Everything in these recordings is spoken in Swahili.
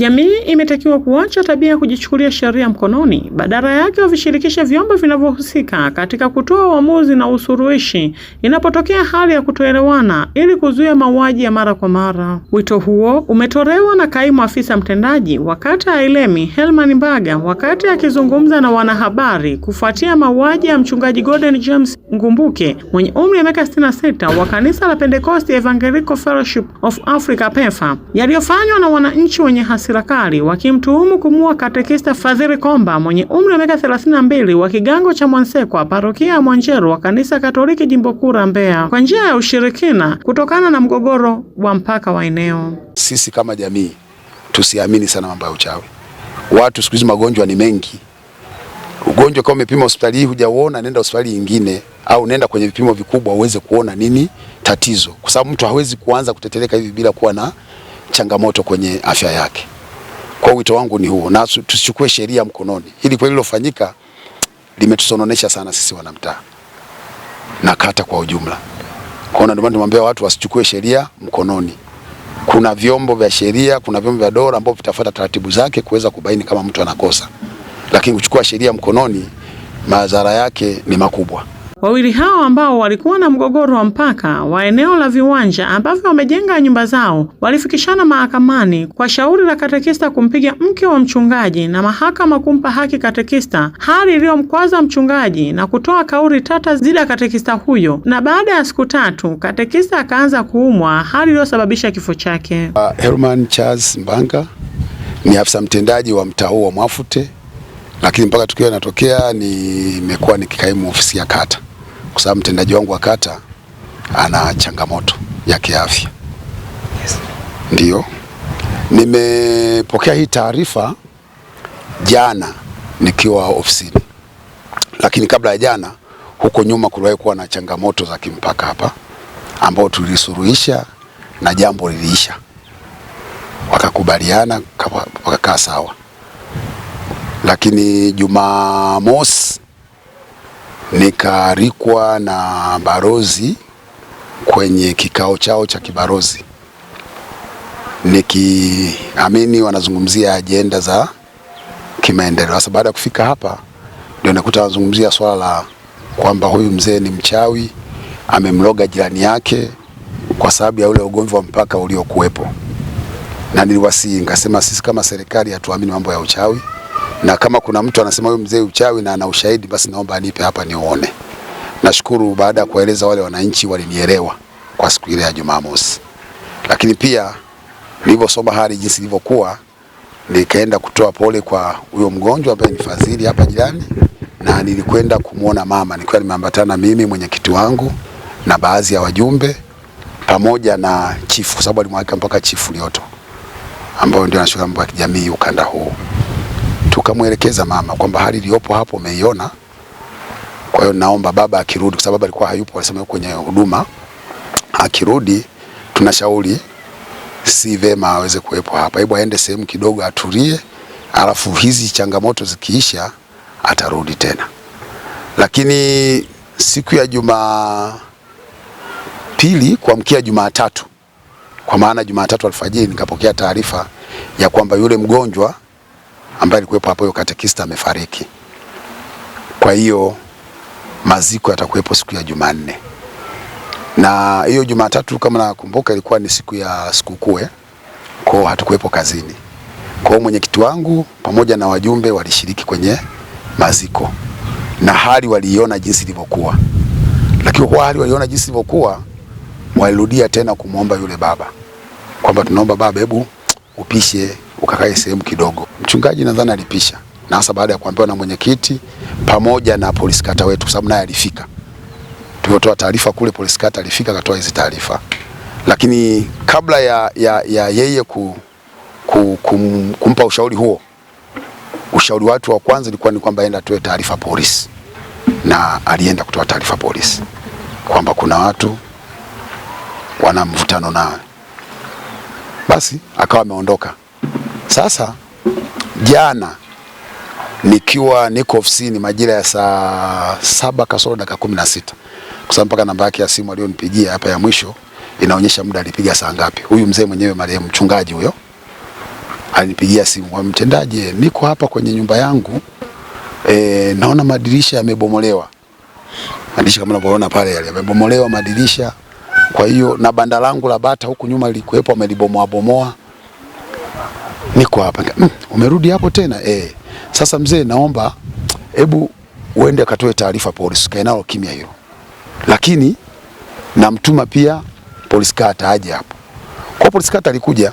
Jamii imetakiwa kuacha tabia ya kujichukulia sheria mkononi, badala yake wavishirikishe vyombo vinavyohusika katika kutoa uamuzi na usuluhishi inapotokea hali ya kutoelewana ili kuzuia mauaji ya mara kwa mara. Wito huo umetolewa na kaimu afisa mtendaji wa kata ya Ilemi Helman Mbaga wakati akizungumza na wanahabari kufuatia mauaji ya mchungaji Golden James Ngumbuke mwenye umri wa miaka 66 wa kanisa la Pentecost Evangelical Fellowship of Africa PEFA yaliyofanywa na wananchi wenye hasi serikali wakimtuhumu kumuua katekista Fadhili Komba mwenye umri wa miaka 32 wa kigango cha Mwansekwa, parokia ya Mwanjeru wa kanisa Katoliki jimbo kuu la Mbeya, kwa njia ya ushirikina kutokana na mgogoro wa mpaka wa eneo. Sisi kama jamii tusiamini sana mambo ya uchawi. Watu siku hizi magonjwa ni mengi. Ugonjwa kama umepima hospitali hii hujauona, nenda hospitali nyingine, au nenda kwenye vipimo vikubwa uweze kuona nini tatizo, kwa sababu mtu hawezi kuanza kuteteleka hivi bila kuwa na changamoto kwenye afya yake. Kwa wito wangu ni huo, na tusichukue sheria mkononi. Hili kweli lilofanyika limetusononesha sana sisi wanamtaa na kata kwa ujumla. Kwa hiyo ndio maana watu wasichukue sheria mkononi. Kuna vyombo vya sheria, kuna vyombo vya dola ambavyo vitafuata taratibu zake kuweza kubaini kama mtu anakosa, lakini kuchukua sheria mkononi, madhara yake ni makubwa. Wawili hao ambao walikuwa na mgogoro wa mpaka wa eneo la viwanja ambavyo wamejenga nyumba zao walifikishana mahakamani kwa shauri la katekista kumpiga mke wa mchungaji na mahakama kumpa haki katekista, hali iliyomkwaza mchungaji na kutoa kauli tata dhidi ya katekista huyo, na baada ya siku tatu katekista akaanza kuumwa, hali iliyosababisha kifo chake. Uh, Herman Charles Mbanga ni afisa mtendaji wa mtaa huu wa Mwafute, lakini mpaka tukio linatokea nimekuwa nikikaimu ofisi ya kata kwa sababu mtendaji wangu wa kata ana changamoto ya kiafya. Yes. Ndiyo, nimepokea hii taarifa jana nikiwa ofisini, lakini kabla ya jana, huko nyuma kuliwahi kuwa na changamoto za kimpaka hapa ambao tulisuluhisha na jambo liliisha, wakakubaliana wakakaa sawa, lakini Jumamosi nikaalikwa na barozi kwenye kikao chao cha kibarozi, nikiamini wanazungumzia ajenda za kimaendeleo. Sasa baada ya kufika hapa, ndio nakuta wanazungumzia swala la kwamba huyu mzee ni mchawi, amemloga jirani yake kwa sababu ya ule ugomvi wa mpaka uliokuwepo, na niliwasii, nikasema sisi kama serikali hatuamini mambo ya uchawi na kama kuna mtu anasema huyo mzee uchawi na ana ushahidi, basi naomba anipe hapa nione. Nashukuru, baada ya kueleza wale wananchi walinielewa kwa siku ile ya Jumamosi, lakini pia nilivyosoma hali jinsi ilivyokuwa, nikaenda kutoa pole kwa huyo mgonjwa ambaye ni Fadhili hapa jirani, na nilikwenda kumwona mama nikiwa nimeambatana mimi mwenyekiti wangu na baadhi ya wajumbe pamoja na chifu, kwa sababu alimwalika mpaka chifu Lioto ambayo ndio anashughulika mambo ya kijamii ukanda huu tukamwelekeza mama kwamba hali iliyopo hapo umeiona, kwa hiyo naomba baba akirudi, kwa sababu alikuwa hayupo, alisema kwenye huduma, akirudi tunashauri si vema aweze kuwepo hapa, hebu aende sehemu kidogo atulie, alafu hizi changamoto zikiisha atarudi tena. Lakini siku ya Jumapili kuamkia Jumatatu, kwa maana Jumatatu alfajiri nikapokea taarifa ya kwamba yule mgonjwa ambaye alikuwepo hapo, huyo katekista amefariki. Kwa hiyo maziko yatakuwepo siku ya Jumanne na hiyo Jumatatu kama nakumbuka ilikuwa ni siku ya sikukuu eh, hiyo hatukuwepo kazini. Kwa hiyo mwenyekiti wangu pamoja na wajumbe walishiriki kwenye maziko na hali waliiona jinsi ilivyokuwa, lakini kwa hali waliona jinsi ilivyokuwa, walirudia tena kumwomba yule baba kwamba tunaomba baba, hebu upishe ukakae sehemu kidogo. Mchungaji nadhani alipisha, na hasa baada ya kuambiwa na mwenyekiti pamoja na polisi kata wetu, sababu naye alifika. Tuliotoa taarifa kule, polisi kata alifika akatoa hizi taarifa, lakini kabla ya, ya, ya yeye ku, ku, kum, kumpa ushauri huo, ushauri watu wa kwanza ilikuwa ni kwamba aende atoe taarifa polisi, na alienda kutoa taarifa polisi kwamba kuna watu wana mvutano nawe, basi akawa ameondoka. Sasa jana nikiwa niko ofisini majira ya saa saba kasoro dakika kumi na sita kwa sababu mpaka namba yake ya simu aliyonipigia hapa ya mwisho inaonyesha muda alipiga saa ngapi. Huyu mzee mwenyewe marehemu mchungaji huyo alinipigia simu, wa mtendaji, niko hapa kwenye nyumba yangu e, naona madirisha yamebomolewa. Madirisha kama unavyoona pale yale yamebomolewa madirisha. Kwa hiyo na banda langu la bata huku nyuma lilikuwepo, amelibomoa bomoa niko hapa. Mm, umerudi hapo tena eh? Sasa mzee, naomba hebu uende akatoe taarifa polisi, kae nao kimya hiyo, lakini namtuma pia polisi kata aje hapo. Kwa polisi kata alikuja,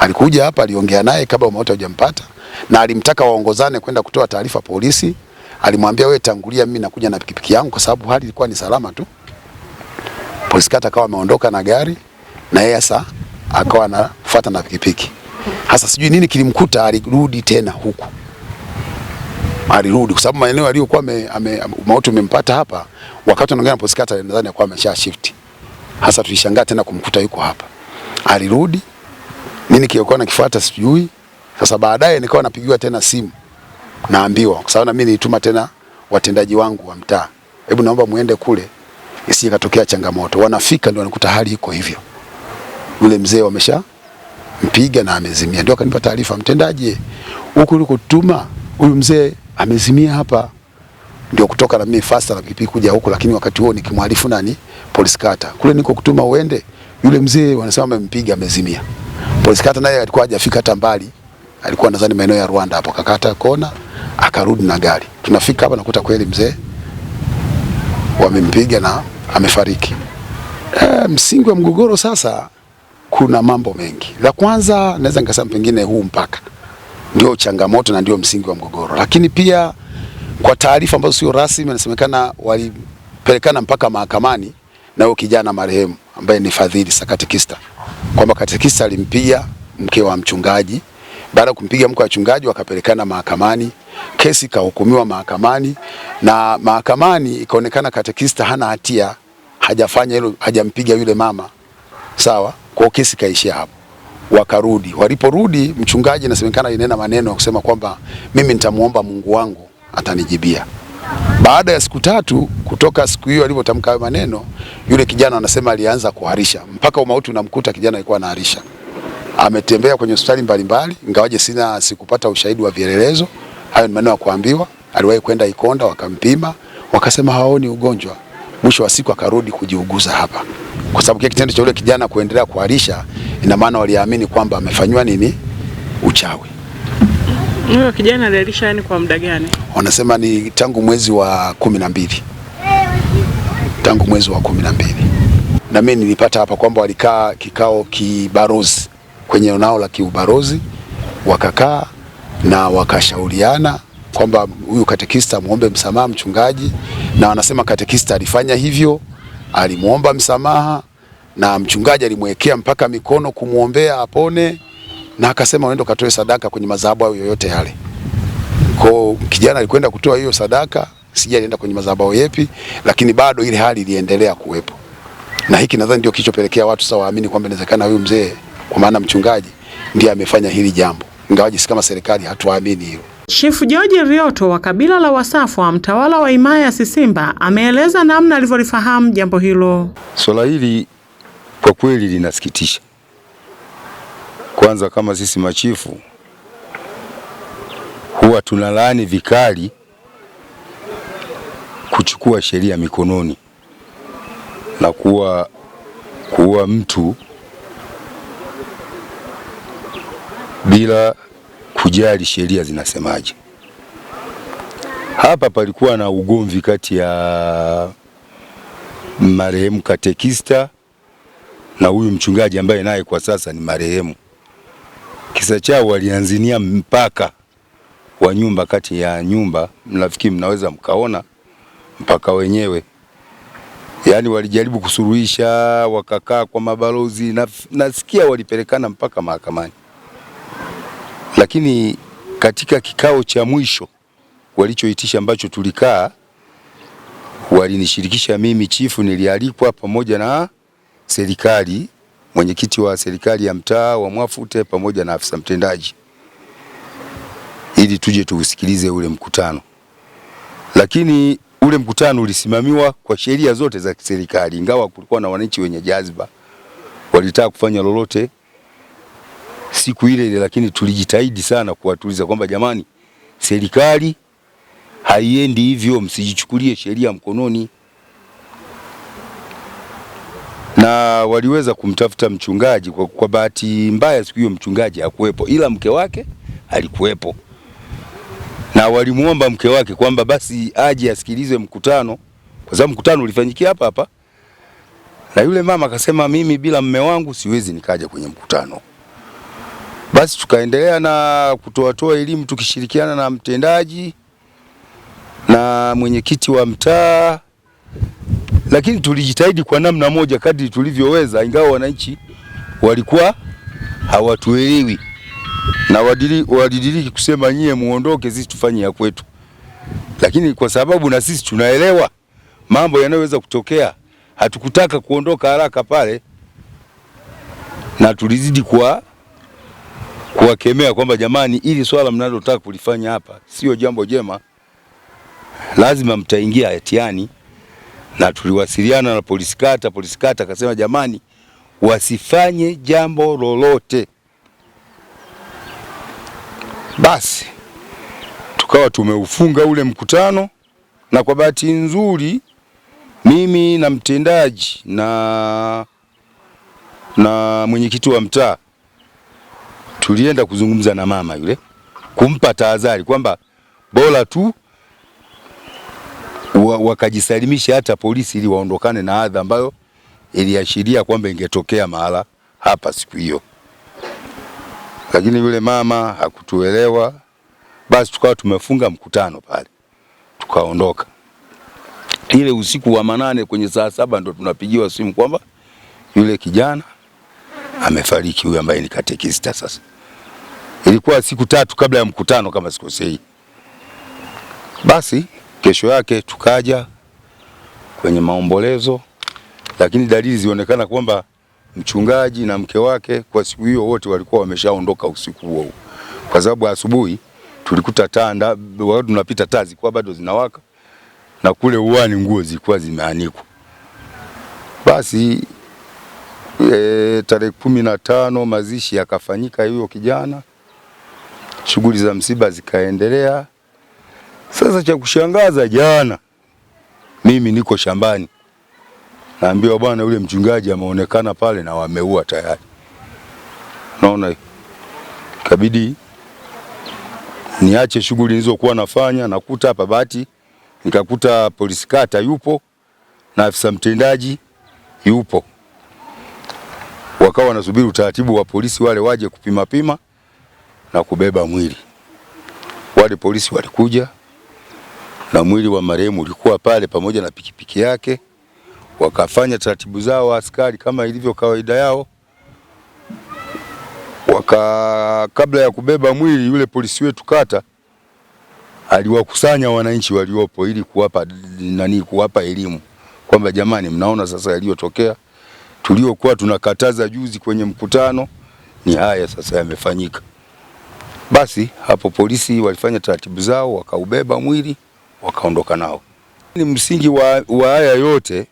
alikuja hapa, aliongea naye kabla umeota hujampata, na alimtaka waongozane kwenda kutoa taarifa polisi. Alimwambia wewe tangulia, mimi nakuja na pikipiki yangu, kwa sababu hali ilikuwa ni salama tu. Polisi kata akawa ameondoka na gari na yeye sasa akawa anafuata na pikipiki. Hasa sijui nini kilimkuta, alirudi tena huku, alirudi kwa sababu maeneo aliyokuwa mauti umempata hapa, wakati anaongea na poskata, nadhani alikuwa amesha shift. Hasa tulishangaa tena kumkuta yuko hapa, alirudi nini kilikuwa nakifuata sijui. Sasa baadaye nikawa napigiwa tena simu, naambiwa kwa sababu na mimi nilituma tena watendaji wangu wa mtaa, hebu naomba muende kule isije katokea changamoto. Wanafika ndio wanakuta hali iko hivyo, yule mzee wamesha mpiga na amezimia. Ndio akanipa taarifa, mtendaji, huko huku ulikotuma huyu mzee amezimia hapa. Ndio kutoka na mimi fasta na pikipiki kuja huko, lakini wakati huo nikimwarifu nani, polisi kata kule niko kutuma uende, yule mzee wanasema amempiga amezimia. Polisi kata naye alikuwa hajafika hata mbali, alikuwa nadhani maeneo ya Rwanda hapo, kakata kona akarudi na gari. Tunafika hapa nakuta kweli mzee wamempiga na amefariki. E, msingi wa mgogoro sasa kuna mambo mengi. La kwanza naweza nikasema pengine huu mpaka ndio changamoto na ndio msingi wa mgogoro, lakini pia kwa taarifa ambazo sio rasmi, inasemekana walipelekana mpaka mahakamani na huyo kijana marehemu ambaye ni Fadhili Sakatikista, kwamba katekista alimpia mke wa mchungaji. Baada ya kumpiga mke wa mchungaji, wakapelekana mahakamani, kesi ikahukumiwa mahakamani, na mahakamani ikaonekana katekista hana hatia, hajafanya hilo, hajampiga yule mama, sawa kwa kesi kaishia hapo, wakarudi. Waliporudi mchungaji, inasemekana inena maneno ya kusema kwamba mimi nitamuomba Mungu wangu atanijibia. Baada ya siku tatu kutoka siku hiyo alivyotamka hayo maneno, yule kijana anasema alianza kuharisha mpaka umauti unamkuta. Kijana alikuwa anaharisha, ametembea kwenye hospitali mbalimbali, ingawaje sina sikupata ushahidi wa vielelezo. Hayo ni maneno ya kuambiwa. Aliwahi kwenda Ikonda, wakampima, wakasema haoni ugonjwa mwisho wa siku akarudi kujiuguza hapa, kwa sababu kile kitendo cha yule kijana kuendelea kuharisha, ina maana waliamini kwamba amefanywa nini, uchawi. Huyo kijana alialisha yani kwa muda gani? Wanasema ni tangu mwezi wa kumi na mbili, tangu mwezi wa kumi na mbili. Na mimi nilipata hapa kwamba walikaa kikao kibarozi kwenye eneo la kiubarozi, wakakaa na wakashauriana kwamba huyu katekista muombe msamaha mchungaji na wanasema katekista alifanya hivyo, alimwomba msamaha na mchungaji alimwekea mpaka mikono kumwombea apone, na akasema unaenda katoe sadaka kwenye madhabahu hayo yoyote yale. Kwa kijana alikwenda kutoa hiyo sadaka, sija alienda kwenye madhabahu yepi, lakini bado ile hali iliendelea kuwepo, na hiki nadhani ndio kilichopelekea watu sasa waamini kwamba inawezekana huyu mzee, kwa maana mchungaji, ndiye amefanya hili jambo, ingawaje si kama serikali hatuamini hilo. Chifu George Rioto wa kabila la Wasafwa, mtawala wa himaya ya Sisimba, ameeleza namna alivyolifahamu jambo hilo. Swala hili kwa kweli linasikitisha. Kwanza kama sisi machifu huwa tunalaani vikali kuchukua sheria mikononi na kuwa kuua mtu bila kujali sheria zinasemaje. Hapa palikuwa na ugomvi kati ya marehemu katekista na huyu mchungaji ambaye naye kwa sasa ni marehemu. Kisa chao walianzinia mpaka wa nyumba kati ya nyumba, nafikiri mnaweza mkaona mpaka wenyewe. Yaani walijaribu kusuruhisha, wakakaa kwa mabalozi na nasikia walipelekana mpaka mahakamani. Lakini katika kikao cha mwisho walichoitisha ambacho tulikaa, walinishirikisha mimi chifu, nilialikwa pamoja na serikali, mwenyekiti wa serikali ya mtaa wa Mwafute pamoja na afisa mtendaji, ili tuje tuusikilize ule mkutano. Lakini ule mkutano ulisimamiwa kwa sheria zote za kiserikali, ingawa kulikuwa na wananchi wenye jazba walitaka kufanya lolote siku ile ile, lakini tulijitahidi sana kuwatuliza kwamba jamani, serikali haiendi hivyo, msijichukulie sheria mkononi. Na waliweza kumtafuta mchungaji kwa, kwa bahati mbaya siku hiyo mchungaji hakuwepo, ila mke wake alikuwepo, na walimwomba mke wake kwamba basi aje asikilize mkutano, kwa sababu mkutano ulifanyikia hapa hapa, na yule mama akasema, mimi bila mme wangu siwezi nikaja kwenye mkutano. Basi tukaendelea na kutoatoa elimu tukishirikiana na mtendaji na mwenyekiti wa mtaa, lakini tulijitahidi kwa namna moja kadri tulivyoweza, ingawa wananchi walikuwa hawatuelewi na walidiriki kusema nyie muondoke, sisi tufanye ya kwetu, lakini kwa sababu na sisi tunaelewa mambo yanayoweza kutokea, hatukutaka kuondoka haraka pale na tulizidi kuwa kuwakemea kwamba jamani, ili swala mnalotaka kulifanya hapa sio jambo jema, lazima mtaingia hatiani. Na tuliwasiliana na polisi kata, polisi kata akasema jamani, wasifanye jambo lolote. Basi tukawa tumeufunga ule mkutano, na kwa bahati nzuri mimi na mtendaji na na mwenyekiti wa mtaa tulienda kuzungumza na mama yule kumpa tahadhari kwamba bora tu wakajisalimisha hata polisi ili waondokane na adha ambayo iliashiria kwamba ingetokea mahala hapa siku hiyo, lakini yule mama hakutuelewa. Basi tukawa tumefunga mkutano pale, tukaondoka. Ile usiku wa manane kwenye saa saba ndo tunapigiwa simu kwamba yule kijana amefariki, huyu ambaye ni katekista sasa ilikuwa siku tatu kabla ya mkutano kama sikosei. Basi kesho yake tukaja kwenye maombolezo, lakini dalili zionekana kwamba mchungaji na mke wake kwa siku hiyo wote walikuwa wameshaondoka usiku huo, kwa sababu asubuhi tulikuta taa, wakati tunapita taa zilikuwa bado zinawaka na kule uani nguo zilikuwa zimeanikwa. Basi e, tarehe kumi na tano mazishi yakafanyika hiyo kijana shughuli za msiba zikaendelea. Sasa cha kushangaza, jana mimi niko shambani, naambiwa bwana, yule mchungaji ameonekana pale na wameua tayari. Naona kabidi niache shughuli nilizokuwa nafanya, nakuta hapa bati, nikakuta polisi kata yupo na afisa mtendaji yupo, wakawa wanasubiri utaratibu wa polisi wale waje kupima pima na kubeba mwili. Wale polisi walikuja na mwili wa marehemu ulikuwa pale pamoja na pikipiki yake, wakafanya taratibu zao askari kama ilivyo kawaida yao. Waka kabla ya kubeba mwili, yule polisi wetu kata aliwakusanya wananchi waliopo ili kuwapa nani, kuwapa elimu kwamba jamani, mnaona sasa yaliyotokea, tuliokuwa tunakataza juzi kwenye mkutano ni haya sasa yamefanyika. Basi hapo polisi walifanya taratibu zao, wakaubeba mwili wakaondoka nao. Ni msingi wa, wa haya yote,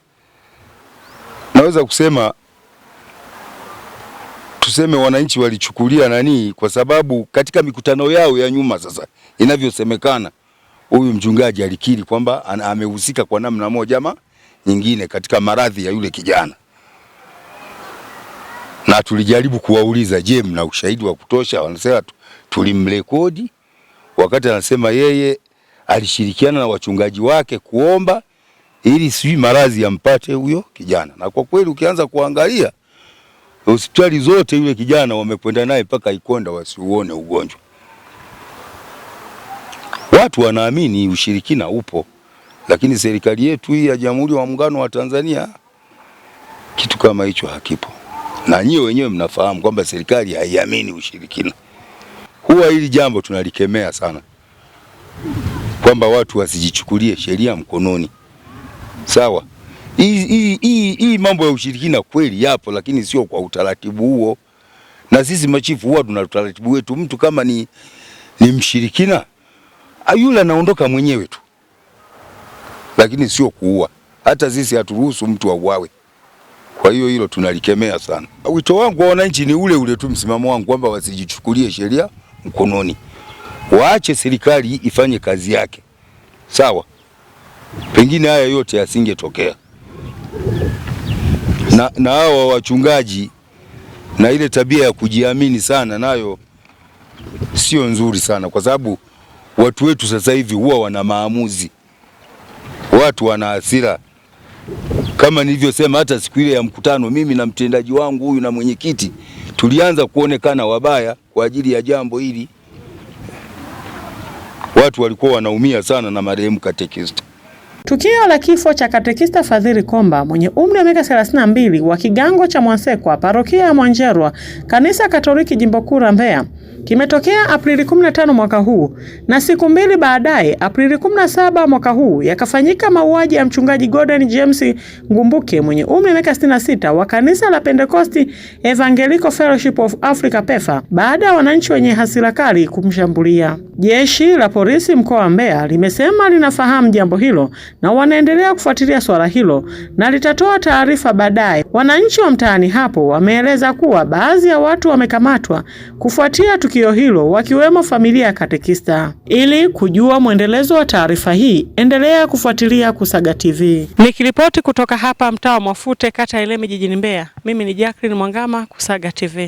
naweza kusema tuseme wananchi walichukulia nani, kwa sababu katika mikutano yao ya nyuma, sasa inavyosemekana, huyu mchungaji alikiri kwamba amehusika kwa namna moja ama nyingine katika maradhi ya yule kijana na tulijaribu kuwauliza, je, mna ushahidi wa kutosha? Wanasema tulimrekodi wakati anasema yeye alishirikiana na wachungaji wake kuomba ili sijui maradhi yampate huyo kijana, na kwa kweli ukianza kuangalia hospitali zote yule kijana wamekwenda naye mpaka Ikonda wasiuone ugonjwa. Watu wanaamini ushirikina upo, lakini serikali yetu hii ya Jamhuri ya Muungano wa Tanzania kitu kama hicho hakipo na nyie wenyewe mnafahamu kwamba serikali haiamini ushirikina. Huwa hili jambo tunalikemea sana, kwamba watu wasijichukulie sheria mkononi. Sawa, hii mambo ya ushirikina kweli yapo, lakini sio kwa utaratibu huo, na sisi machifu huwa tuna utaratibu wetu. Mtu kama ni, ni mshirikina yule anaondoka mwenyewe tu, lakini sio kuua. Hata sisi haturuhusu mtu auawe. Kwa hiyo hilo tunalikemea sana. Wito wangu kwa wananchi ni ule ule tu, msimamo wangu kwamba wasijichukulie sheria mkononi, waache serikali ifanye kazi yake sawa, pengine haya yote yasingetokea. Na, na hawa wachungaji na ile tabia ya kujiamini sana nayo sio nzuri sana, kwa sababu watu wetu sasa hivi huwa wana maamuzi, watu wana hasira. Kama nilivyosema hata siku ile ya mkutano, mimi na mtendaji wangu huyu na mwenyekiti tulianza kuonekana wabaya kwa ajili ya jambo hili. Watu walikuwa wanaumia sana na marehemu katekista. Tukio la kifo cha katekista Fadhili Komba mwenye umri wa miaka 32 wa kigango cha Mwansekwa, parokia ya Mwanjerwa, kanisa Katoliki jimbo kuu la Mbeya kimetokea Aprili 15 mwaka huu, na siku mbili baadaye, Aprili 17 mwaka huu, yakafanyika mauaji ya mchungaji Gordon James Ngumbuke mwenye umri wa miaka 66 wa kanisa la Pentecosti Evangelical Fellowship of Africa PEFA, baada ya wananchi wenye hasira kali kumshambulia. Jeshi la polisi mkoa wa Mbeya limesema linafahamu jambo hilo na wanaendelea kufuatilia suala hilo na litatoa taarifa baadaye. Wananchi wa mtaani hapo wameeleza kuwa baadhi ya watu wamekamatwa kufuatia tukio hilo, wakiwemo familia ya katekista. Ili kujua mwendelezo wa taarifa hii, endelea kufuatilia Kusaga TV. Nikiripoti kutoka hapa mtaa wa Mwafute, kata ya Ilemi, jijini Mbeya, mimi ni Jacqueline Mwangama, Kusaga TV.